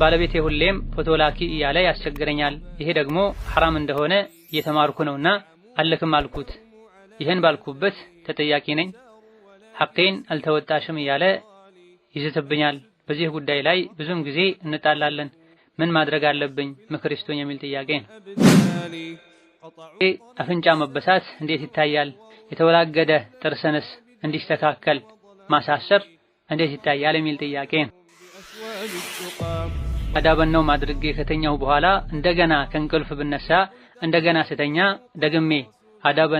ባለቤቴ ሁሌም ፎቶ ላኪ እያለ ያስቸግረኛል። ይሄ ደግሞ ሐራም እንደሆነ እየተማርኩ ነውና አልክም አልኩት። ይህን ባልኩበት ተጠያቂ ነኝ፣ ሐቄን አልተወጣሽም እያለ ይዝትብኛል። በዚህ ጉዳይ ላይ ብዙም ጊዜ እንጣላለን። ምን ማድረግ አለብኝ? ምክር ስጡኝ የሚል ጥያቄ ነው። አፍንጫ መበሳት እንዴት ይታያል? የተወላገደ ጥርስንስ እንዲስተካከል ማሳሰር እንዴት ይታያል የሚል ጥያቄ ነው። ማድርጌ ከተኛሁ በኋላ እንደገና ከእንቅልፍ ብነሳ እንደገና ስተኛ ደግሜ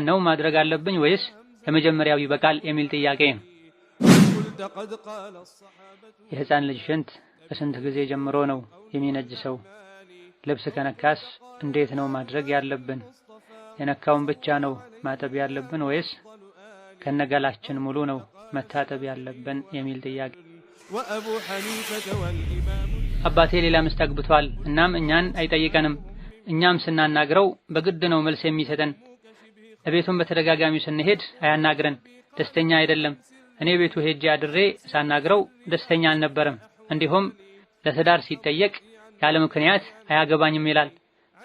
ነው ማድረግ አለብኝ ወይስ የመጀመሪያው ይበቃል የሚል ጥያቄ ነው። የህፃን ልጅ ሽንት ከስንት ጊዜ ጀምሮ ነው የሚነጅሰው? ልብስ ከነካስ እንዴት ነው ማድረግ ያለብን? የነካውን ብቻ ነው ማጠብ ያለብን ወይስ ከነገላችን ሙሉ ነው መታጠብ ያለብን የሚል ጥያቄ። አባቴ ሌላ ሚስት አግብቷል፣ እናም እኛን አይጠይቀንም። እኛም ስናናግረው በግድ ነው መልስ የሚሰጠን። ለቤቱን በተደጋጋሚ ስንሄድ አያናግረን፣ ደስተኛ አይደለም። እኔ ቤቱ ሄጄ አድሬ ሳናግረው ደስተኛ አልነበረም። እንዲሁም ለትዳር ሲጠየቅ ያለ ምክንያት አያገባኝም ይላል።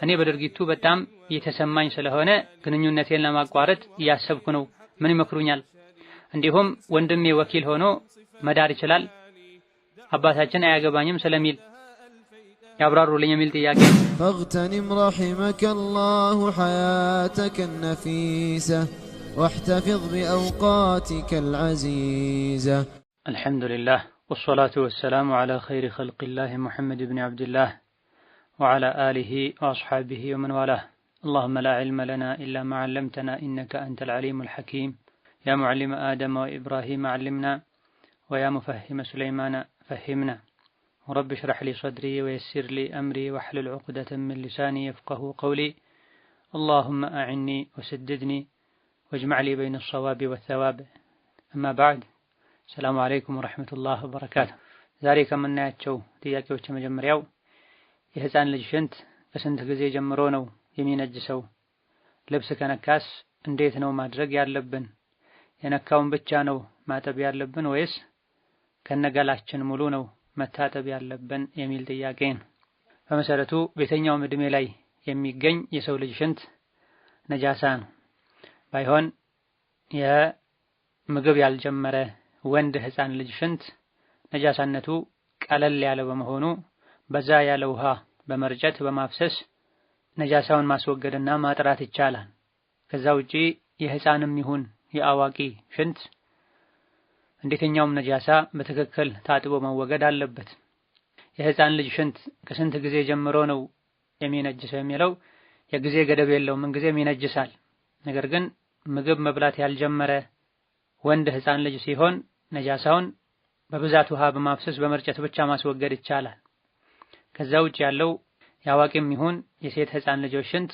እኔ በድርጊቱ በጣም የተሰማኝ ስለሆነ ግንኙነቴን ለማቋረጥ እያሰብኩ ነው። ምን ይመክሩኛል? እንዲሁም ወንድሜ ወኪል ሆኖ መዳር ይችላል አባታችን አያገባኝም ስለሚል ያብራሩልኝ የሚል ጥያቄ فاغتنم رحمك الله حياتك النفيسة واحتفظ بأوقاتك العزيزة الحمد لله والصلاة والسلام على خير خلق الله محمد بن عبد الله وعلى آله وأصحابه ومن والاه اللهم لا علم لنا إلا ما علمتنا إنك أنت العليم الحكيم يا معلم آدم وإبراهيم علمنا ويا مفهم سليمان فهمنا رب اشرح لي صدري ويسر لي أمري واحلل عقدة من لساني يفقه قولي اللهم أعني وسددني واجمع لي بين الصواب والثواب أما بعد السلام عليكم ورحمة الله وبركاته ዛሬ ከምናያቸው ጥያቄዎች መጀመሪያው የህፃን ልጅ ሽንት ከስንት ጊዜ ጀምሮ ነው የሚነጅሰው? ልብስ ከነካስ እንዴት ነው ማድረግ ያለብን የነካውን ብቻ ነው ማጠብ ያለብን ወይስ ከነገላችን ሙሉ ነው መታጠብ ያለብን የሚል ጥያቄ ነው። በመሰረቱ በየትኛውም እድሜ ላይ የሚገኝ የሰው ልጅ ሽንት ነጃሳ ነው። ባይሆን የምግብ ያልጀመረ ወንድ ህፃን ልጅ ሽንት ነጃሳነቱ ቀለል ያለ በመሆኑ በዛ ያለ ውሃ በመርጨት በማፍሰስ ነጃሳውን ማስወገድና ማጥራት ይቻላል። ከዛ ውጪ የህፃንም ይሁን የአዋቂ ሽንት እንዴተኛውም ነጃሳ በትክክል ታጥቦ መወገድ አለበት። የህፃን ልጅ ሽንት ከስንት ጊዜ ጀምሮ ነው የሚነጅሰው የሚለው የጊዜ ገደብ የለው፣ ምን ጊዜም ይነጅሳል። ነገር ግን ምግብ መብላት ያልጀመረ ወንድ ህፃን ልጅ ሲሆን ነጃሳውን በብዛት ውሃ በማፍሰስ በመርጨት ብቻ ማስወገድ ይቻላል። ከዛ ውጭ ያለው የአዋቂም ይሁን የሴት ህፃን ልጆች ሽንት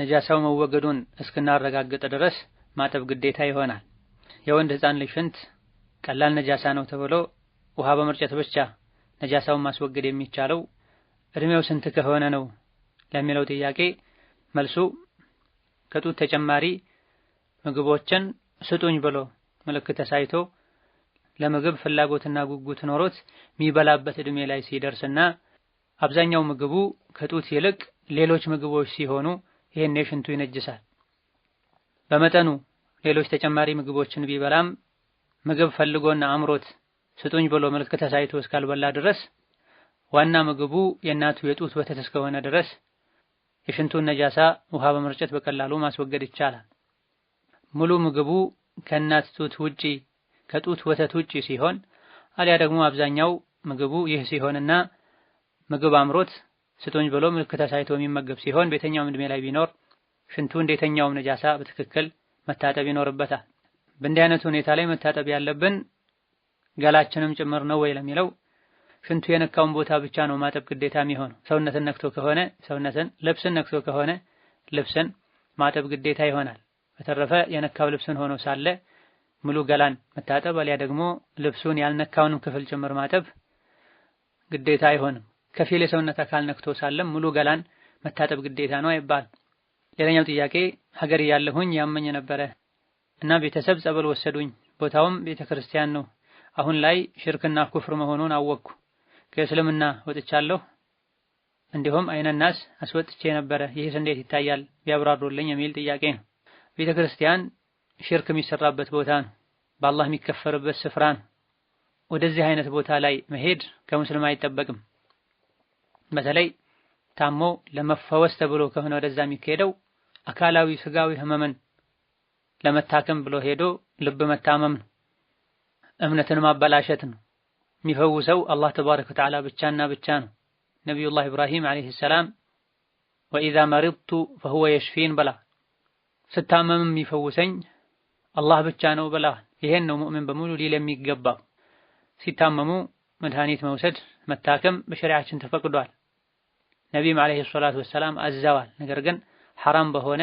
ነጃሳው መወገዱን እስክናረጋግጥ ድረስ ማጠብ ግዴታ ይሆናል። የወንድ ህፃን ልጅ ሽንት ቀላል ነጃሳ ነው ተብሎ ውሃ በመርጨት ብቻ ነጃሳውን ማስወገድ የሚቻለው እድሜው ስንት ከሆነ ነው ለሚለው ጥያቄ መልሱ ከጡት ተጨማሪ ምግቦችን ስጡኝ ብሎ ምልክት ተሳይቶ ለምግብ ፍላጎትና ጉጉት ኖሮት የሚበላበት እድሜ ላይ ሲደርስና አብዛኛው ምግቡ ከጡት ይልቅ ሌሎች ምግቦች ሲሆኑ ይህን ሽንቱ ይነጅሳል። በመጠኑ ሌሎች ተጨማሪ ምግቦችን ቢበላም ምግብ ፈልጎና አምሮት ስጡኝ ብሎ ምልክት አሳይቶ እስካልበላ ድረስ ዋና ምግቡ የእናቱ የጡት ወተት እስከሆነ ድረስ የሽንቱን ነጃሳ ውሃ በመርጨት በቀላሉ ማስወገድ ይቻላል። ሙሉ ምግቡ ከእናት ጡት ውጪ ከጡት ወተት ውጪ ሲሆን አሊያ ደግሞ አብዛኛው ምግቡ ይህ ሲሆንና ምግብ አምሮት ስጡኝ ብሎ ምልክት አሳይቶ የሚመገብ ሲሆን በየትኛውም እድሜ ላይ ቢኖር ሽንቱ እንደተኛውም ነጃሳ በትክክል መታጠብ ይኖርበታል። በእንዲህ አይነት ሁኔታ ላይ መታጠብ ያለብን ገላችንም ጭምር ነው ወይ ለሚለው ሽንቱ የነካውን ቦታ ብቻ ነው ማጠብ ግዴታ የሚሆነው። ሰውነትን ነክቶ ከሆነ ሰውነትን፣ ልብስን ነክቶ ከሆነ ልብስን ማጠብ ግዴታ ይሆናል። በተረፈ የነካው ልብስን ሆኖ ሳለ ሙሉ ገላን መታጠብ አሊያ ደግሞ ልብሱን ያልነካውንም ክፍል ጭምር ማጠብ ግዴታ አይሆንም። ከፊል የሰውነት አካል ነክቶ ሳለም ሙሉ ገላን መታጠብ ግዴታ ነው አይባል። ሌላኛው ጥያቄ ሀገር እያለሁኝ ያመኝ ነበረ እና ቤተሰብ ጸበል ወሰዱኝ። ቦታውም ቤተ ክርስቲያን ነው። አሁን ላይ ሽርክና ኩፍር መሆኑን አወቅኩ። ከእስልምና ወጥቻለሁ። እንዲሁም አይነናስ አስወጥቼ ነበረ። ይህስ እንዴት ይታያል ቢያብራሩልኝ የሚል ጥያቄ ነው። ቤተ ክርስቲያን ሽርክ የሚሰራበት ቦታ ነው። በአላህ የሚከፈርበት ስፍራ ነው። ወደዚህ አይነት ቦታ ላይ መሄድ ከሙስሊም አይጠበቅም። በተለይ ታሞ ለመፈወስ ተብሎ ከሆነ ወደዛ የሚካሄደው አካላዊ ስጋዊ ህመምን ለመታከም ብሎ ሄዶ ልብ መታመም ነው። እምነትን ማበላሸት ነው። የሚፈውሰው አላህ ተባረከ ወተዓላ ብቻና ብቻ ነው። ነቢዩላህ ኢብራሂም ዓለይሂ ሰላም ወኢዛ መሪብቱ ፈሁወ የሽፊን በላ ስታመም የሚፈውሰኝ አላህ ብቻ ነው ብላ ይሄን ነው ሙእሚን በሙሉ ሊል የሚገባው። ሲታመሙ መድኃኒት መውሰድ መታከም በሸሪዓችን ተፈቅዷል። ነቢይም ዓለይሂ ሰላቱ ወሰላም አዘዋል። ነገር ግን ሐራም በሆነ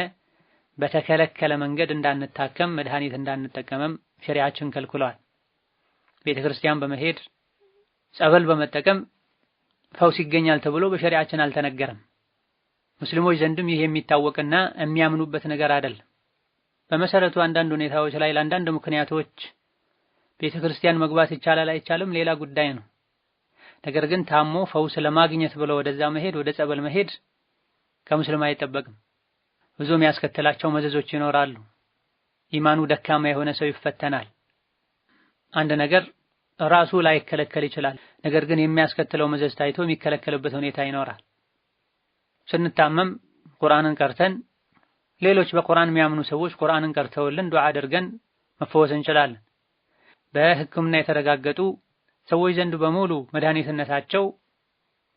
በተከለከለ መንገድ እንዳንታከም መድኃኒት እንዳንጠቀመም ሸሪዓችን ከልክሏል። ቤተ ክርስቲያን በመሄድ ጸበል በመጠቀም ፈውስ ይገኛል ተብሎ በሸሪዓችን አልተነገረም። ሙስሊሞች ዘንድም ይህ የሚታወቅና የሚያምኑበት ነገር አይደለም። በመሰረቱ አንዳንድ ሁኔታዎች ላይ ለአንዳንድ ምክንያቶች ቤተ ክርስቲያን መግባት ይቻላል አይቻልም ሌላ ጉዳይ ነው። ነገር ግን ታሞ ፈውስ ለማግኘት ብሎ ወደዛ መሄድ ወደ ጸበል መሄድ ከሙስሊም አይጠበቅም። ብዙ የሚያስከትላቸው መዘዞች ይኖራሉ። ኢማኑ ደካማ የሆነ ሰው ይፈተናል። አንድ ነገር ራሱ ላይከለከል ይችላል። ነገር ግን የሚያስከትለው መዘዝ ታይቶ የሚከለከልበት ሁኔታ ይኖራል። ስንታመም ቁርአንን ቀርተን ሌሎች በቁርአን የሚያምኑ ሰዎች ቁርአንን ቀርተውልን ዱዓ አድርገን መፈወስ እንችላለን። በሕክምና የተረጋገጡ ሰዎች ዘንድ በሙሉ መድኃኒትነታቸው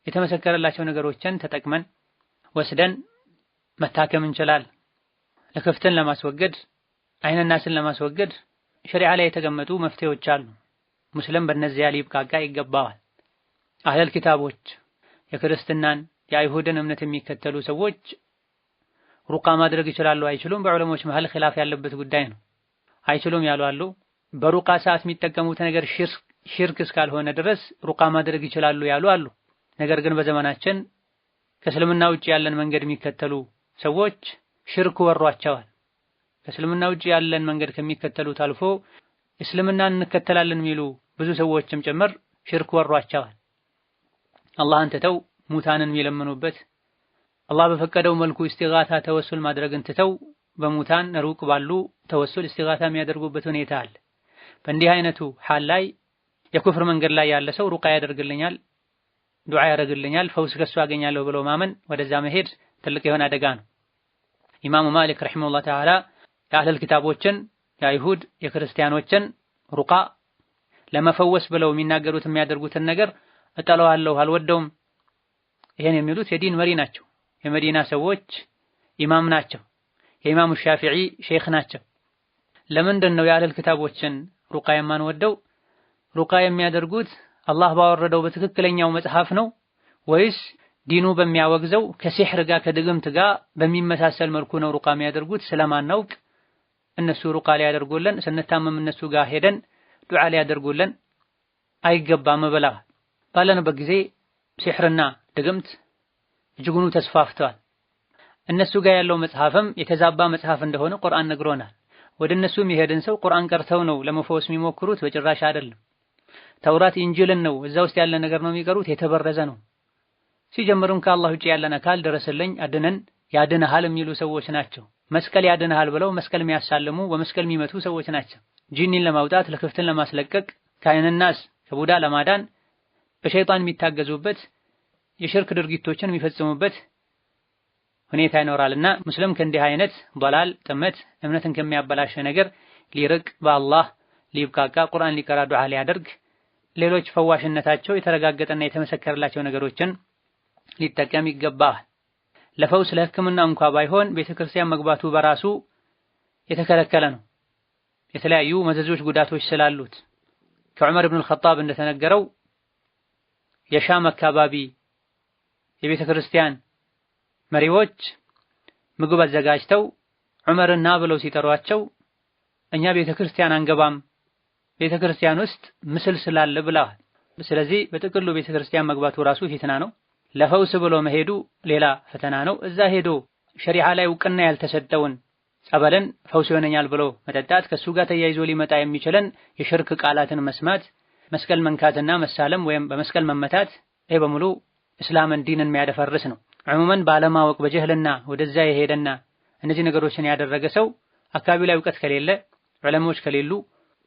የተመሰከረላቸው ነገሮችን ተጠቅመን ወስደን መታከም እንችላል ለክፍትን ለማስወገድ አይነናስን ለማስወገድ ሸሪዓ ላይ የተቀመጡ መፍትሄዎች አሉ። ሙስሊም በእነዚያ ሊብቃቃ ይገባዋል። አህለል ኪታቦች የክርስትናን የአይሁድን እምነት የሚከተሉ ሰዎች ሩቃ ማድረግ ይችላሉ አይችሉም? በዑለሞች መሀል ኺላፍ ያለበት ጉዳይ ነው። አይችሉም ያሉ አሉ። በሩቃ ሰዓት የሚጠቀሙት ነገር ሽርክ እስካልሆነ ድረስ ሩቃ ማድረግ ይችላሉ ያሉ አሉ። ነገር ግን በዘመናችን ከእስልምና ውጭ ያለን መንገድ የሚከተሉ ሰዎች ሽርክ ወሯቸዋል። ከእስልምና ውጭ ያለን መንገድ ከሚከተሉት አልፎ እስልምናን እንከተላለን የሚሉ ብዙ ሰዎችም ጭምር ሽርክ ወሯቸዋል። አላህን ትተው ሙታንን የሚለምኑበት አላህ በፈቀደው መልኩ ኢስቲጋታ ተወሱል ማድረግን ትተው በሙታን ሩቅ ባሉ ተወሱል ኢስቲጋታ የሚያደርጉበት ሁኔታ አለ። በእንዲህ አይነቱ ሐል ላይ የኩፍር መንገድ ላይ ያለ ሰው ሩቃ ያደርግልኛል፣ ዱዓ ያደርግልኛል፣ ፈውስ ከሱ አገኛለሁ ብሎ ማመን ወደዛ መሄድ ትልቅ የሆነ አደጋ ነው። ኢማሙ ማሊክ ረሂመሁላህ ተዓላ የአህለል ኪታቦችን የአይሁድ የክርስቲያኖችን ሩቃ ለመፈወስ ብለው የሚናገሩት የሚያደርጉትን ነገር እጠለዋለሁ፣ አልወደውም። ይሄን የሚሉት የዲን መሪ ናቸው። የመዲና ሰዎች ኢማም ናቸው። የኢማሙ ሻፊዒ ሼክ ናቸው። ለምንድን ነው የአህለል ኪታቦችን ሩቃ የማንወደው? ሩቃ የሚያደርጉት አላህ ባወረደው በትክክለኛው መጽሐፍ ነው ወይስ ዲኑ በሚያወግዘው ከሲሕር ጋር ከድግምት ጋር በሚመሳሰል መልኩ ነው ሩቃ የሚያደርጉት። ስለማናውቅ እነሱ ሩቃ ሊያደርጉልን ስንታመም እነሱ ጋር ሄደን ዱዓ ሊያደርጉልን አይገባም። መበላ ባለንበት ጊዜ ሲሕርና ድግምት እጅጉኑ ተስፋፍተዋል። እነሱ ጋር ያለው መጽሐፍም የተዛባ መጽሐፍ እንደሆነ ቁርአን ነግሮናል። ወደ እነሱ የሚሄድን ሰው ቁርአን ቀርተው ነው ለመፈወስ የሚሞክሩት፣ በጭራሽ አይደለም። ተውራት ኢንጅልን ነው እዛ ውስጥ ያለ ነገር ነው የሚቀሩት፣ የተበረዘ ነው። ሲጀምርም ከአላህ ውጭ ያለን አካል ድረስልኝ፣ አድነን፣ ያድንሃል የሚሉ ሰዎች ናቸው። መስቀል ያድንሃል ብለው መስቀል የሚያሳልሙ በመስቀል የሚመቱ ሰዎች ናቸው። ጂኒን ለማውጣት ለክፍትን ለማስለቀቅ ከአይንናስ ከቡዳ ለማዳን በሸይጣን የሚታገዙበት የሽርክ ድርጊቶችን የሚፈጽሙበት ሁኔታ ይኖራልና ሙስሊም ከእንዲህ አይነት በላል ጥመት እምነትን ከሚያበላሽ ነገር ሊርቅ በአላህ ሊብቃቃ ቁርአን ሊቀራ ዱዓ ሊያደርግ ሌሎች ፈዋሽነታቸው የተረጋገጠና የተመሰከረላቸው ነገሮችን ሊጠቀም ይገባል። ለፈውስ ለህክምና እንኳ ባይሆን ቤተ ክርስቲያን መግባቱ በራሱ የተከለከለ ነው። የተለያዩ መዘዞች፣ ጉዳቶች ስላሉት ከዑመር ኢብኑል ኸጣብ እንደተነገረው የሻም አካባቢ የቤተ ክርስቲያን መሪዎች ምግብ አዘጋጅተው ዑመርን ና ብለው ሲጠሯቸው እኛ ቤተ ክርስቲያን አንገባም፣ ቤተ ክርስቲያን ውስጥ ምስል ስላለ ብለዋል። ስለዚህ በጥቅሉ ቤተ ክርስቲያን መግባቱ ራሱ ፊትና ነው። ለፈውስ ብሎ መሄዱ ሌላ ፈተና ነው። እዛ ሄዶ ሸሪዓ ላይ እውቅና ያልተሰጠውን ጸበልን ፈውስ ይሆነኛል ብሎ መጠጣት፣ ከሱ ጋር ተያይዞ ሊመጣ የሚችለን የሽርክ ቃላትን መስማት፣ መስቀል መንካትና መሳለም ወይም በመስቀል መመታት፣ ይህ በሙሉ እስላምን ዲንን የሚያደፈርስ ነው። ዑሙመን ባለማወቅ በጀህልና ወደዛ የሄደና እነዚህ ነገሮችን ያደረገ ሰው አካባቢው ላይ እውቀት ከሌለ ዑለሞች ከሌሉ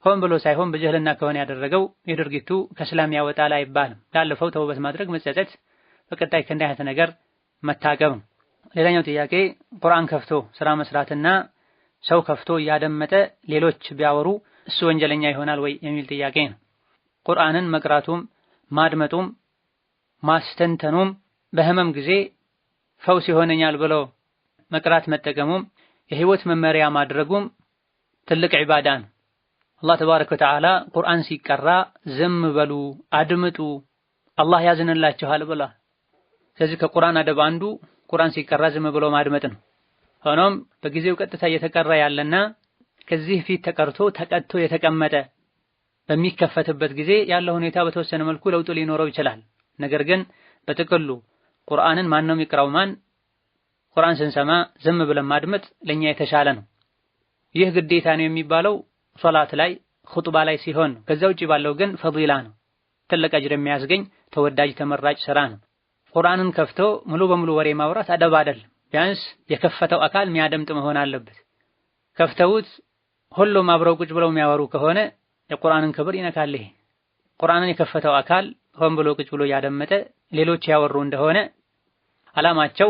ሆን ብሎ ሳይሆን በጀህልና ከሆነ ያደረገው የድርጊቱ ከእስላም ያወጣል አይባልም። ላለፈው ተውበት ማድረግ መጸጸት በቀጣይ ከእንዲህ አይነት ነገር መታቀብ ነው። ሌላኛው ጥያቄ ቁርአን ከፍቶ ስራ መስራትና ሰው ከፍቶ እያደመጠ ሌሎች ቢያወሩ እሱ ወንጀለኛ ይሆናል ወይ የሚል ጥያቄ ነው። ቁርአንን መቅራቱም ማድመጡም ማስተንተኑም በህመም ጊዜ ፈውስ ይሆነኛል ብሎ መቅራት መጠቀሙም የህይወት መመሪያ ማድረጉም ትልቅ ዒባዳ ነው። አላህ ተባረከ ወተዓላ ቁርአን ሲቀራ ዝም በሉ አድምጡ፣ አላህ ያዝንላችኋል ብሏል። ስለዚህ ከቁርአን አደብ አንዱ ቁርአን ሲቀራ ዝም ብሎ ማድመጥ ነው። ሆኖም በጊዜው ቀጥታ እየተቀራ ያለና ከዚህ ፊት ተቀርቶ ተቀጥቶ የተቀመጠ በሚከፈትበት ጊዜ ያለው ሁኔታ በተወሰነ መልኩ ለውጥ ሊኖረው ይችላል። ነገር ግን በጥቅሉ ቁርአንን ማን ነው የሚቀራው? ማን ቁርአን ስንሰማ ዝም ብለን ማድመጥ ለኛ የተሻለ ነው። ይህ ግዴታ ነው የሚባለው ሶላት ላይ ኹጥባ ላይ ሲሆን ነው። ከዛ ውጪ ባለው ግን ፈዲላ ነው፣ ትልቅ አጅር የሚያስገኝ ተወዳጅ ተመራጭ ስራ ነው። ቁርአንን ከፍቶ ሙሉ በሙሉ ወሬ ማውራት አደብ አይደለም። ቢያንስ የከፈተው አካል የሚያደምጥ መሆን አለበት። ከፍተውት ሁሉም አብረው ቁጭ ብለው የሚያወሩ ከሆነ የቁርአንን ክብር ይነካል። ይሄ ቁርአንን የከፈተው አካል ሆን ብሎ ቁጭ ብሎ እያደመጠ ሌሎች ያወሩ እንደሆነ አላማቸው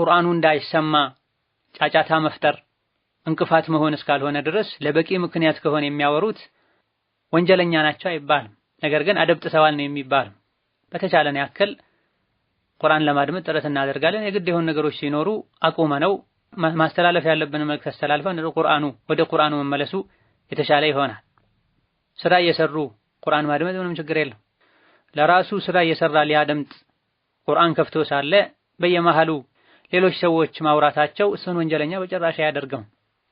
ቁርአኑ እንዳይሰማ ጫጫታ መፍጠር እንቅፋት መሆን እስካልሆነ ድረስ ለበቂ ምክንያት ከሆነ የሚያወሩት ወንጀለኛ ናቸው አይባልም። ነገር ግን አደብ ጥሰዋል ነው የሚባል። በተቻለን ያክል ቁርአን ለማድመጥ ጥረት እናደርጋለን። የግድ የሆኑ ነገሮች ሲኖሩ አቁመ ነው ማስተላለፍ ያለብን መልእክት አስተላልፈን ቁርአኑ ወደ ቁርአኑ መመለሱ የተሻለ ይሆናል። ስራ እየሰሩ ቁርአን ማድመጥ ምንም ችግር የለም። ለራሱ ስራ እየሰራ ሊያደምጥ ቁርአን ከፍቶ ሳለ በየመሃሉ ሌሎች ሰዎች ማውራታቸው እሱን ወንጀለኛ በጭራሽ አያደርገውም።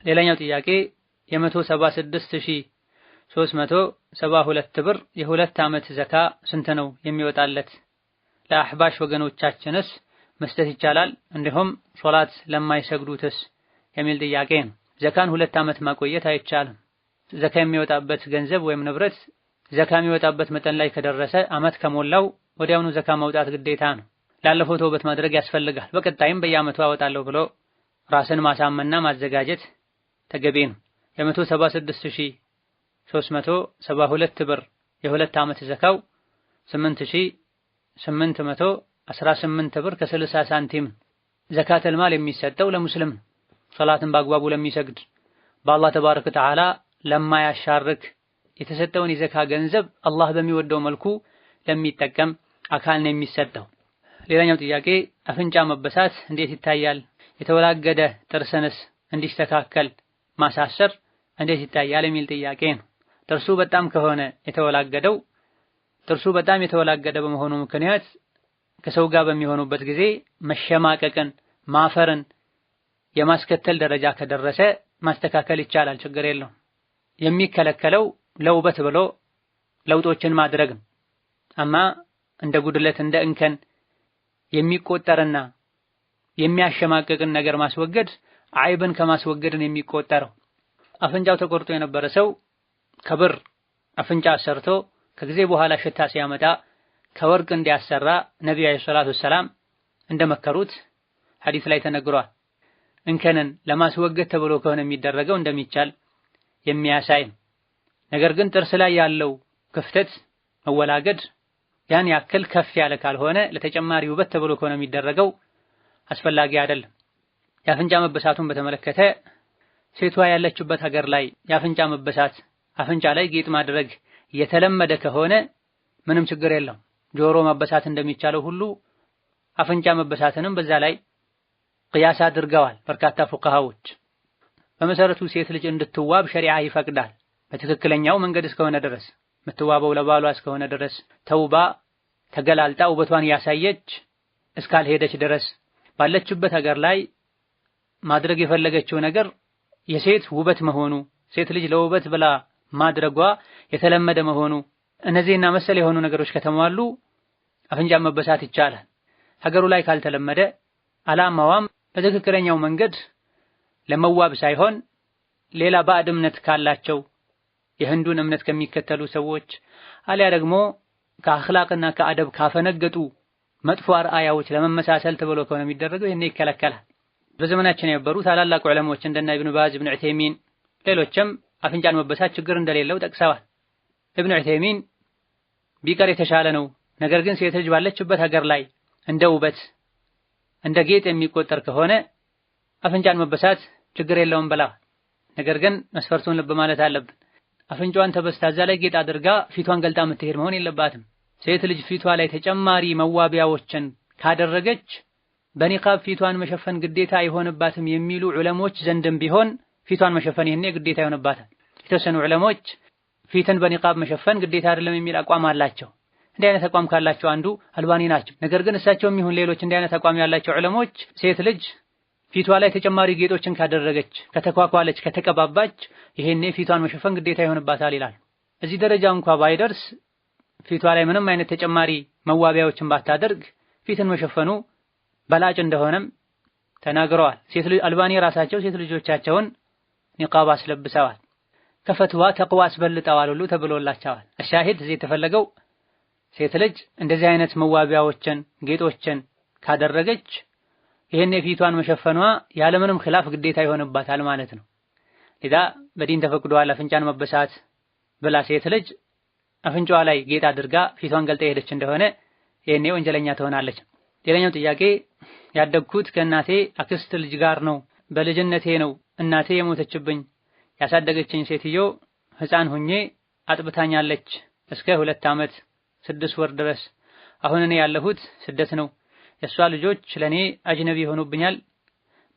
ሌላኛው ጥያቄ የመቶ ሰባ ስድስት ሺህ ሦስት መቶ ሰባ ሁለት ብር የሁለት ዓመት ዘካ ስንት ነው የሚወጣለት? ለአሕባሽ ወገኖቻችንስ መስጠት ይቻላል? እንዲሁም ሶላት ለማይሰግዱትስ የሚል ጥያቄ ነው። ዘካን ሁለት ዓመት ማቆየት አይቻልም። ዘካ የሚወጣበት ገንዘብ ወይም ንብረት ዘካ የሚወጣበት መጠን ላይ ከደረሰ ዓመት ከሞላው ወዲያውኑ ዘካ መውጣት ግዴታ ነው። ላለፈው ተውበት ማድረግ ያስፈልጋል። በቀጣይም በየዓመቱ አወጣለሁ ብሎ ራስን ማሳመንና ማዘጋጀት ተገቢ ነው። የመቶ ሰባ ስድስት ሺህ ሦስት መቶ ሰባ ሁለት ብር የሁለት ዓመት ዘካው ስምንት ሺህ ስምንት መቶ አስራ ስምንት ብር ከስልሳ ሳንቲም ዘካተል ማል የሚሰጠው ለሙስሊም ሶላትን በአግባቡ ለሚሰግድ በአላህ ተባረከ ወተዓላ ለማያሻርክ የተሰጠውን የዘካ ገንዘብ አላህ በሚወደው መልኩ ለሚጠቀም አካል ነው የሚሰጠው። ሌላኛው ጥያቄ አፍንጫ መበሳት እንዴት ይታያል? የተወላገደ ጥርስንስ እንዲስተካከል ማሳሰር እንዴት ይታያል? የሚል ጥያቄ ነው። ጥርሱ በጣም ከሆነ የተወላገደው ጥርሱ በጣም የተወላገደ በመሆኑ ምክንያት ከሰው ጋር በሚሆኑበት ጊዜ መሸማቀቅን፣ ማፈርን የማስከተል ደረጃ ከደረሰ ማስተካከል ይቻላል፣ ችግር የለውም። የሚከለከለው ለውበት ብሎ ለውጦችን ማድረግ ነው። አማ እንደ ጉድለት እንደ እንከን የሚቆጠርና የሚያሸማቀቅን ነገር ማስወገድ አይብን ከማስወገድን የሚቆጠረው። አፍንጫው ተቆርጦ የነበረ ሰው ከብር አፍንጫ ሰርቶ ከጊዜ በኋላ ሽታ ሲያመጣ ከወርቅ እንዲያሰራ ነቢዩ ዓለይሂ ሰላቱ ወሰላም እንደመከሩት ሐዲስ ላይ ተነግሯል። እንከንን ለማስወገድ ተብሎ ከሆነ የሚደረገው እንደሚቻል የሚያሳይ ነገር ግን ጥርስ ላይ ያለው ክፍተት መወላገድ ያን ያክል ከፍ ያለ ካልሆነ ለተጨማሪ ውበት ተብሎ ከሆነ የሚደረገው አስፈላጊ አይደለም። የአፍንጫ መበሳቱን በተመለከተ ሴቷ ያለችበት ሀገር ላይ የአፍንጫ መበሳት አፍንጫ ላይ ጌጥ ማድረግ የተለመደ ከሆነ ምንም ችግር የለም። ጆሮ መበሳት እንደሚቻለው ሁሉ አፍንጫ መበሳትንም በዛ ላይ ቅያስ አድርገዋል በርካታ ፉካሃዎች። በመሰረቱ ሴት ልጅ እንድትዋብ ሸሪዓ ይፈቅዳል በትክክለኛው መንገድ እስከሆነ ድረስ የምትዋበው ለባሏ እስከሆነ ድረስ ተውባ ተገላልጣ ውበቷን ያሳየች እስካልሄደች ድረስ ባለችበት ሀገር ላይ ማድረግ የፈለገችው ነገር የሴት ውበት መሆኑ ሴት ልጅ ለውበት ብላ ማድረጓ የተለመደ መሆኑ እነዚህና መሰል የሆኑ ነገሮች ከተሟሉ አፍንጫ መበሳት ይቻላል። ሀገሩ ላይ ካልተለመደ አላማዋም በትክክለኛው መንገድ ለመዋብ ሳይሆን ሌላ ባዕድ እምነት ካላቸው የህንዱን እምነት ከሚከተሉ ሰዎች አሊያ ደግሞ ከአኽላቅና ከአደብ ካፈነገጡ መጥፎ አርአያዎች ለመመሳሰል ተብሎ ከሆነ የሚደረገው ይሄን ይከለከላል። በዘመናችን የነበሩ ታላላቅ ዑለሞች እንደነ ኢብኑ ባዝ፣ ኢብኑ ዑቴሚን ሌሎችም አፍንጫን መበሳት ችግር እንደሌለው ጠቅሰዋል። ኢብኑ ዑሰይሚን ቢቀር የተሻለ ነው። ነገር ግን ሴት ልጅ ባለችበት ሀገር ላይ እንደ ውበት እንደ ጌጥ የሚቆጠር ከሆነ አፍንጫን መበሳት ችግር የለውም ብላ፣ ነገር ግን መስፈርቱን ልብ ማለት አለብን። አፍንጫዋን ተበስታ እዛ ላይ ጌጥ አድርጋ ፊቷን ገልጣ የምትሄድ መሆን የለባትም። ሴት ልጅ ፊቷ ላይ ተጨማሪ መዋቢያዎችን ካደረገች በኒቃብ ፊቷን መሸፈን ግዴታ አይሆንባትም የሚሉ ዑለሞች ዘንድም ቢሆን ፊቷን መሸፈን ይሄኔ ግዴታ ይሆንባታል። የተወሰኑ ዑለሞች ፊትን በኒቃብ መሸፈን ግዴታ አይደለም የሚል አቋም አላቸው። እንዲህ አይነት አቋም ካላቸው አንዱ አልባኒ ናቸው። ነገር ግን እሳቸውም ይሁን ሌሎች እንዲህ አይነት አቋም ያላቸው ዑለሞች ሴት ልጅ ፊቷ ላይ ተጨማሪ ጌጦችን ካደረገች፣ ከተኳኳለች፣ ከተቀባባች ይሄኔ ፊቷን መሸፈን ግዴታ ይሆንባታል ይላል። እዚህ ደረጃ እንኳ ባይደርስ ፊቷ ላይ ምንም አይነት ተጨማሪ መዋቢያዎችን ባታደርግ ፊትን መሸፈኑ በላጭ እንደሆነም ተናግረዋል። ሴት አልባኒ ራሳቸው ሴት ልጆቻቸውን ኒቃብ አስለብሰዋል። ከፈትዋ ተቅዋ አስበልጠዋል ሁሉ ተብሎላቸዋል። አሻሂድ እዚህ የተፈለገው ሴት ልጅ እንደዚህ አይነት መዋቢያዎችን ጌጦችን ካደረገች ይህን የፊቷን መሸፈኗ ያለምንም ኺላፍ ግዴታ ይሆንባታል ማለት ነው። ሌላ በዲን ተፈቅዷል አፍንጫን መበሳት ብላ ሴት ልጅ አፍንጫዋ ላይ ጌጥ አድርጋ ፊቷን ገልጣ የሄደች እንደሆነ ይህኔ ወንጀለኛ ትሆናለች። ሌላኛው ጥያቄ ያደግኩት ከእናቴ አክስት ልጅ ጋር ነው፣ በልጅነቴ ነው እናቴ የሞተችብኝ ያሳደገችኝ ሴትዮ ሕፃን ሁኜ አጥብታኛለች እስከ ሁለት ዓመት ስድስት ወር ድረስ። አሁን እኔ ያለሁት ስደት ነው። የእሷ ልጆች ለእኔ አጅነቢ ሆኑብኛል።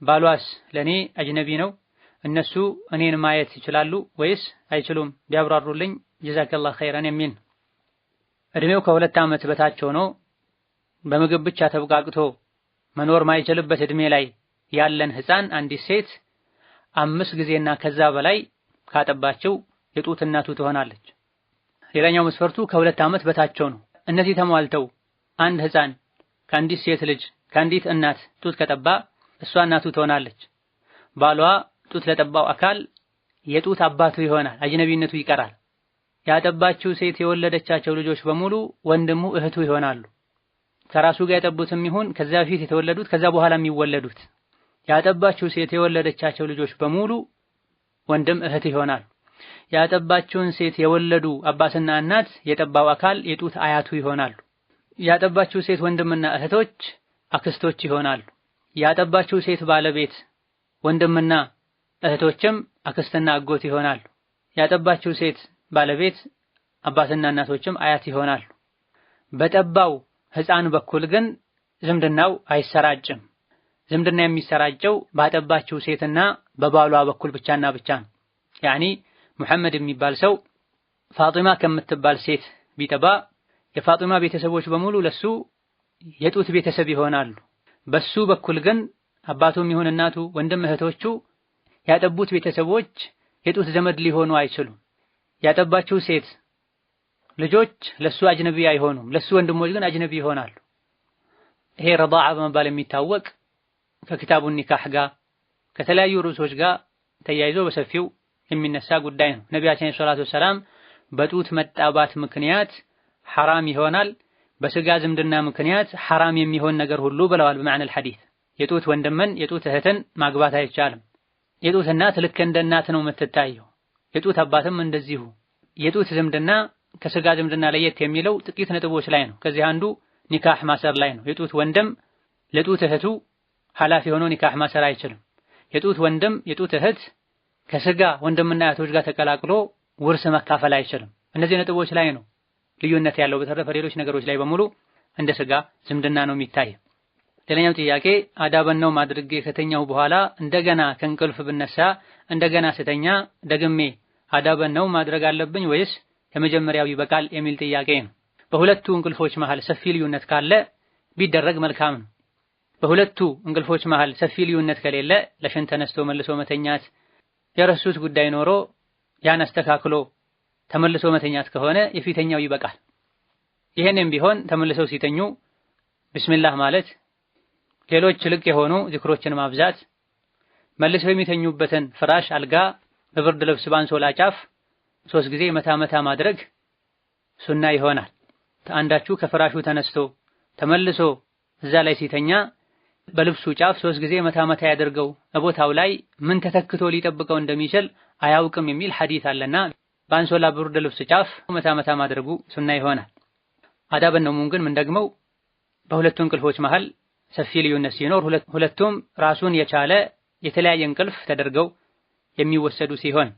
ባሏስ ለእኔ አጅነቢ ነው። እነሱ እኔን ማየት ይችላሉ ወይስ አይችሉም? ቢያብራሩልኝ ጀዛከላህ ኸይረን የሚል እድሜው ከሁለት ዓመት በታች ሆኖ በምግብ ብቻ ተብቃቅቶ መኖር ማይችልበት እድሜ ላይ ያለን ሕፃን አንዲት ሴት አምስት ጊዜና ከዛ በላይ ካጠባቸው የጡት እናቱ ትሆናለች። ሌላኛው መስፈርቱ ከሁለት ዓመት በታቸው ነው። እነዚህ ተሟልተው አንድ ህፃን ከአንዲት ሴት ልጅ ከአንዲት እናት ጡት ከጠባ እሷ እናቱ ትሆናለች። ባሏ ጡት ለጠባው አካል የጡት አባቱ ይሆናል። አጅነቢነቱ ይቀራል። ያጠባችው ሴት የወለደቻቸው ልጆች በሙሉ ወንድሙ እህቱ ይሆናሉ። ከራሱ ጋር የጠቡትም ይሁን ከዛ በፊት የተወለዱት ከዛ በኋላ የሚወለዱት ያጠባችው ሴት የወለደቻቸው ልጆች በሙሉ ወንድም እህት ይሆናል። ያጠባችውን ሴት የወለዱ አባትና እናት የጠባው አካል የጡት አያቱ ይሆናሉ። ያጠባችው ሴት ወንድምና እህቶች አክስቶች ይሆናሉ። ያጠባችው ሴት ባለቤት ወንድምና እህቶችም አክስትና አጎት ይሆናሉ። ያጠባችው ሴት ባለቤት አባትና እናቶችም አያት ይሆናሉ። በጠባው ሕፃን በኩል ግን ዝምድናው አይሰራጭም። ዝምድና የሚሰራጨው ባጠባችው ሴትና በባሏ በኩል ብቻና ብቻ ነው። ያኒ ሙሐመድ የሚባል ሰው ፋጢማ ከምትባል ሴት ቢጠባ የፋጢማ ቤተሰቦች በሙሉ ለሱ የጡት ቤተሰብ ይሆናሉ። በሱ በኩል ግን አባቱም ይሁን እናቱ፣ ወንድም እህቶቹ ያጠቡት ቤተሰቦች የጡት ዘመድ ሊሆኑ አይችሉም። ያጠባችው ሴት ልጆች ለሱ አጅነቢ አይሆኑም፣ ለሱ ወንድሞች ግን አጅነቢ ይሆናሉ። ይሄ ረዳዓ በመባል የሚታወቅ ከኪታቡ ኒካህ ጋር ከተለያዩ ርዕሶች ጋር ተያይዞ በሰፊው የሚነሳ ጉዳይ ነው። ነቢያችን ሰላቱ ሰላም በጡት መጣባት ምክንያት ሐራም ይሆናል፣ በስጋ ዝምድና ምክንያት ሐራም የሚሆን ነገር ሁሉ ብለዋል። በመዕነል ሐዲት የጡት ወንድምን የጡት እህትን ማግባት አይቻልም። የጡት እናት ልክ እንደ እናት ነው የምትታየው። የጡት አባትም እንደዚሁ። የጡት ዝምድና ከስጋ ዝምድና ለየት የሚለው ጥቂት ነጥቦች ላይ ነው። ከዚህ አንዱ ኒካህ ማሰር ላይ ነው። የጡት ወንድም ለጡት እህቱ ሐላል ሆኖ ኒካህ ማሰር አይችልም። የጡት ወንድም የጡት እህት ከስጋ ወንድምና እህቶች ጋር ተቀላቅሎ ውርስ መካፈል አይችልም። እነዚህ ነጥቦች ላይ ነው ልዩነት ያለው። በተረፈ ሌሎች ነገሮች ላይ በሙሉ እንደ ስጋ ዝምድና ነው የሚታይ። ሌላኛው ጥያቄ ነው ማድርጌ ከተኛው በኋላ እንደገና ከእንቅልፍ ብነሳ እንደገና ስተኛ ደግሜ ነው ማድረግ አለብኝ ወይስ የመጀመሪያው ይበቃል የሚል ጥያቄ ነው። በሁለቱ እንቅልፎች መሃል ሰፊ ልዩነት ካለ ቢደረግ መልካም ነው። በሁለቱ እንቅልፎች መሃል ሰፊ ልዩነት ከሌለ ለሽን ተነስቶ መልሶ መተኛት፣ የረሱት ጉዳይ ኖሮ ያን አስተካክሎ ተመልሶ መተኛት ከሆነ የፊተኛው ይበቃል። ይህንም ቢሆን ተመልሰው ሲተኙ ቢስሚላህ ማለት፣ ሌሎች ልቅ የሆኑ ዚክሮችን ማብዛት፣ መልሰው የሚተኙበትን ፍራሽ አልጋ በብርድ ልብስ በአንሶላ ጫፍ ሶስት ጊዜ መታ መታ ማድረግ ሱና ይሆናል። አንዳችሁ ከፍራሹ ተነስቶ ተመልሶ እዛ ላይ ሲተኛ በልብሱ ጫፍ ሶስት ጊዜ መታ መታ ያደርገው ቦታው ላይ ምን ተተክቶ ሊጠብቀው እንደሚችል አያውቅም የሚል ሐዲት አለና በአንሶላ ብሩድ ልብስ ጫፍ መታ መታ ማድረጉ ሱና ይሆናል። አዳበን ነውሙን ግን ምን ደግመው በሁለቱ እንቅልፎች መሃል ሰፊ ልዩነት ሲኖር ሁለቱም ራሱን የቻለ የተለያየ እንቅልፍ ተደርገው የሚወሰዱ ሲሆን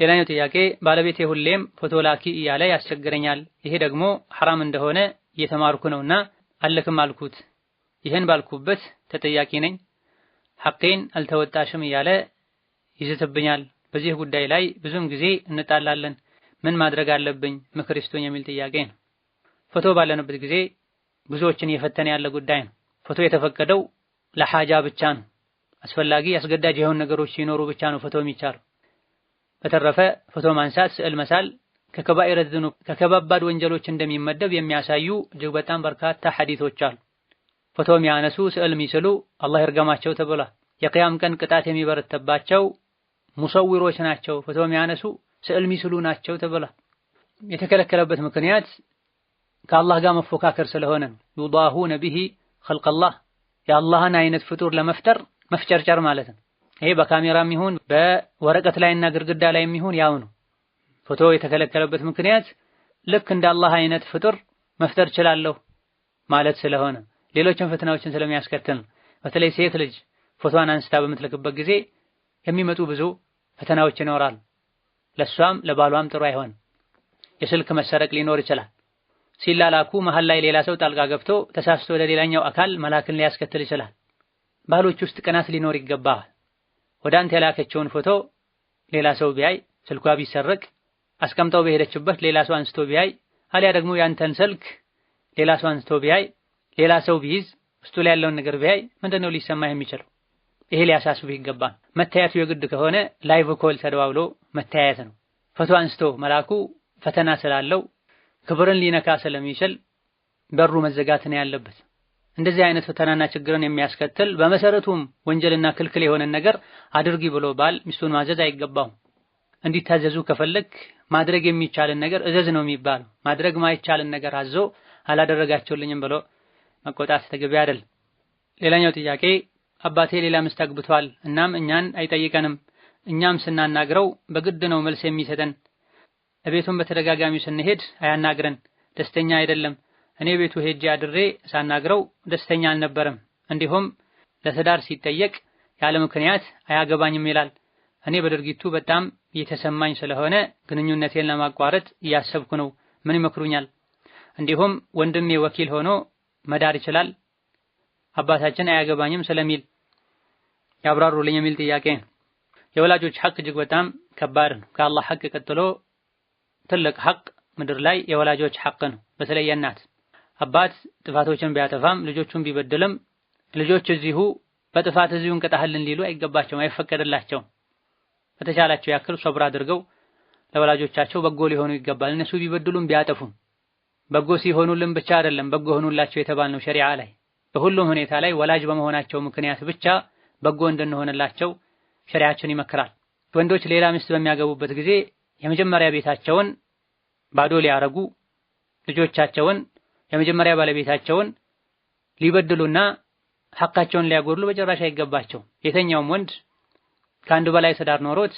ሌላኛው ጥያቄ ባለቤቴ ሁሌም ፎቶ ላኪ እያለ ያስቸግረኛል። ይሄ ደግሞ ሐራም እንደሆነ እየተማርኩ ነውና አልክም አልኩት ይህን ባልኩበት ተጠያቂ ነኝ፣ ሐቄን አልተወጣሽም እያለ ይዝትብኛል። በዚህ ጉዳይ ላይ ብዙም ጊዜ እንጣላለን። ምን ማድረግ አለብኝ? ምክር ስጡኝ የሚል ጥያቄ ነው። ፎቶ ባለንበት ጊዜ ብዙዎችን እየፈተነ ያለ ጉዳይ ነው። ፎቶ የተፈቀደው ለሐጃ ብቻ ነው። አስፈላጊ አስገዳጅ የሆኑ ነገሮች ሲኖሩ ብቻ ነው ፎቶ የሚቻለው። በተረፈ ፎቶ ማንሳት፣ ስዕል መሳል ከከባኢረ ከከባባድ ወንጀሎች እንደሚመደብ የሚያሳዩ እጅግ በጣም በርካታ ሐዲቶች አሉ። ፎቶ የሚያነሱ ስዕል የሚስሉ አላህ ይርገማቸው ተብሏል። የቅያም ቀን ቅጣት የሚበረተባቸው ሙሰዊሮች ናቸው፣ ፎቶ የሚያነሱ ስዕል የሚስሉ ናቸው ተብሏል። የተከለከለበት ምክንያት ከአላህ ጋር መፎካከር ስለሆነ ዩዳሁነ ቢሂ ኸልቀላህ የአላህን አይነት ፍጡር ለመፍጠር መፍጨርጨር ማለት ነው። ይሄ በካሜራ ይሁን በወረቀት ላይና ግድግዳ ላይ የሚሆን ያው ነው። ፎቶ የተከለከለበት ምክንያት ልክ እንደ አላህ አይነት ፍጡር መፍጠር እችላለሁ ማለት ስለሆነ ሌሎችን ፈተናዎችን ስለሚያስከትል በተለይ ሴት ልጅ ፎቶዋን አንስታ በምትልክበት ጊዜ የሚመጡ ብዙ ፈተናዎች ይኖራል። ለሷም ለባሏም ጥሩ አይሆን። የስልክ መሰረቅ ሊኖር ይችላል። ሲላላኩ መሀል ላይ ሌላ ሰው ጣልቃ ገብቶ ተሳስቶ ወደ ሌላኛው አካል መላክን ሊያስከትል ይችላል። ባሎች ውስጥ ቅናት ሊኖር ይገባል። ወደ አንተ የላከችውን ፎቶ ሌላ ሰው ቢያይ፣ ስልኳ ቢሰረቅ፣ አስቀምጠው በሄደችበት ሌላ ሰው አንስቶ ቢያይ፣ አሊያ ደግሞ ያንተን ስልክ ሌላ ሰው አንስቶ ቢያይ ሌላ ሰው ቢይዝ ውስጡ ላይ ያለውን ነገር ቢያይ ምንድነው ሊሰማ የሚችለው? ይሄ ሊያሳስብ ይገባል። መታየቱ የግድ ከሆነ ላይቭ ኮል ተደዋብሎ መታየት ነው። ፎቶ አንስቶ መላኩ ፈተና ስላለው ክብርን ሊነካ ስለሚችል በሩ መዘጋት ነው ያለበት። እንደዚህ አይነት ፈተናና ችግርን የሚያስከትል በመሰረቱም ወንጀልና ክልክል የሆነን ነገር አድርጊ ብሎ ባል ሚስቱን ማዘዝ አይገባውም። እንዲታዘዙ ከፈለግ ማድረግ የሚቻልን ነገር እዘዝ ነው የሚባለው። ማድረግ ማይቻልን ነገር አዞ አላደረጋቸውልኝም ብሎ መቆጣት ተገቢ አይደለም። ሌላኛው ጥያቄ አባቴ ሌላ ሚስት አግብቷል፣ እናም እኛን አይጠይቀንም። እኛም ስናናግረው በግድ ነው መልስ የሚሰጠን። እቤቱን በተደጋጋሚ ስንሄድ አያናግረን፣ ደስተኛ አይደለም። እኔ ቤቱ ሄጄ አድሬ ሳናግረው ደስተኛ አልነበረም። እንዲሁም ለትዳር ሲጠየቅ ያለ ምክንያት አያገባኝም ይላል። እኔ በድርጊቱ በጣም የተሰማኝ ስለሆነ ግንኙነቴን ለማቋረጥ እያሰብኩ ነው። ምን ይመክሩኛል? እንዲሁም ወንድሜ ወኪል ሆኖ መዳር ይችላል? አባታችን አያገባኝም ስለሚል ያብራሩልኝ የሚል ጥያቄ የወላጆች ሐቅ እጅግ በጣም ከባድ ነው። ከአላህ ሐቅ ቀጥሎ ትልቅ ሐቅ ምድር ላይ የወላጆች ሐቅ ነው። በተለይ የእናት አባት ጥፋቶችን ቢያጠፋም ልጆቹን ቢበድልም ልጆች እዚሁ በጥፋት እዚሁ እንቀጣህልን ሊሉ አይገባቸውም፣ አይፈቀድላቸውም። በተቻላቸው ያክል ሶብር አድርገው ለወላጆቻቸው በጎ ሊሆኑ ይገባል። እነሱ ቢበድሉም ቢያጠፉም በጎ ሲሆኑልን ብቻ አይደለም በጎ ሆኑላቸው የተባልነው ሸሪዓ ላይ በሁሉም ሁኔታ ላይ ወላጅ በመሆናቸው ምክንያት ብቻ በጎ እንድንሆንላቸው ሸሪዓችን ይመክራል። ወንዶች ሌላ ሚስት በሚያገቡበት ጊዜ የመጀመሪያ ቤታቸውን ባዶ ሊያረጉ ልጆቻቸውን የመጀመሪያ ባለቤታቸውን ሊበድሉና ሐቃቸውን ሊያጎድሉ በጭራሽ አይገባቸው። የተኛውም ወንድ ከአንድ በላይ ትዳር ኖሮት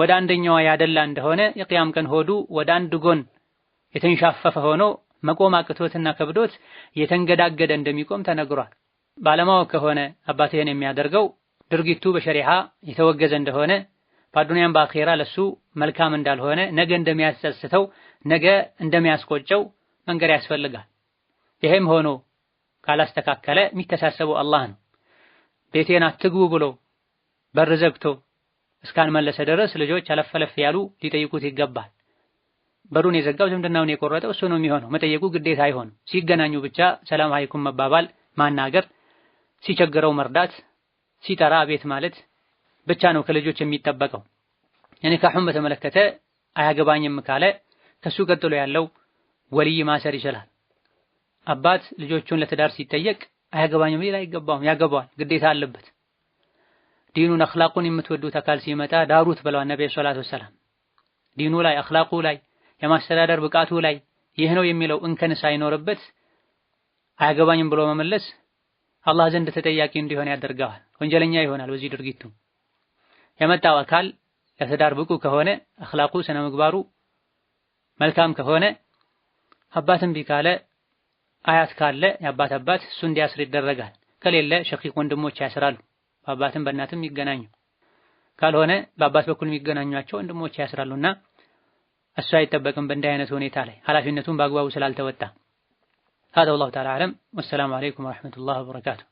ወደ አንደኛዋ ያደላ እንደሆነ የቅያም ቀን ሆዱ ወደ አንድ ጎን የተንሻፈፈ ሆኖ መቆም አቅቶትና ከብዶት የተንገዳገደ እንደሚቆም ተነግሯል። ባለማወቅ ከሆነ አባትህን የሚያደርገው ድርጊቱ በሸሪሃ የተወገዘ እንደሆነ በአዱንያም በአኼራ ለሱ መልካም እንዳልሆነ ነገ እንደሚያስጸስተው ነገ እንደሚያስቆጨው መንገር ያስፈልጋል። ይሄም ሆኖ ካላስተካከለ የሚተሳሰበው አላህ ነው። ቤቴን አትግቡ ብሎ በር ዘግቶ እስካልመለሰ ድረስ ልጆች አለፈለፍ ያሉ ሊጠይቁት ይገባል። በሩን የዘጋው ዝምድናውን የቆረጠው እሱ ነው የሚሆነው። መጠየቁ ግዴታ አይሆንም። ሲገናኙ ብቻ ሰላም አለይኩም መባባል፣ ማናገር፣ ሲቸግረው መርዳት፣ ሲጠራ ቤት ማለት ብቻ ነው ከልጆች የሚጠበቀው። የኒካሑን በተመለከተ አያገባኝም ካለ ከሱ ቀጥሎ ያለው ወልይ ማሰር ይችላል። አባት ልጆቹን ለትዳር ሲጠየቅ አያገባኝም ሊል አይገባውም፣ ያገባዋል፣ ግዴታ አለበት። ዲኑን አኽላቁን የምትወዱት አካል ሲመጣ ዳሩት ብለዋል ነብዩ ሰለላሁ ዐለይሂ ዲኑ ላይ አኽላቁ ላይ የማስተዳደር ብቃቱ ላይ ይህ ነው የሚለው እንከን ሳይኖርበት አያገባኝም ብሎ መመለስ አላህ ዘንድ ተጠያቂ እንዲሆን ያደርገዋል። ወንጀለኛ ይሆናል። በዚህ ድርጊቱ የመጣው አካል ለትዳር ብቁ ከሆነ አኽላቁ፣ ስነ ምግባሩ መልካም ከሆነ አባትም ቢካለ አያት ካለ የአባት አባት እሱ እንዲያስር ይደረጋል። ከሌለ ሸኪቅ ወንድሞች ያስራሉ። በአባትም በእናትም ይገናኙ። ካልሆነ በአባት በኩል የሚገናኟቸው ወንድሞች ያስራሉና እሱ አይጠበቅም በእንዲህ አይነት ሁኔታ ላይ ኃላፊነቱን በአግባቡ ስላልተወጣ። هذا والله تعالى أعلم والسلام عليكم ورحمة الله وبركاته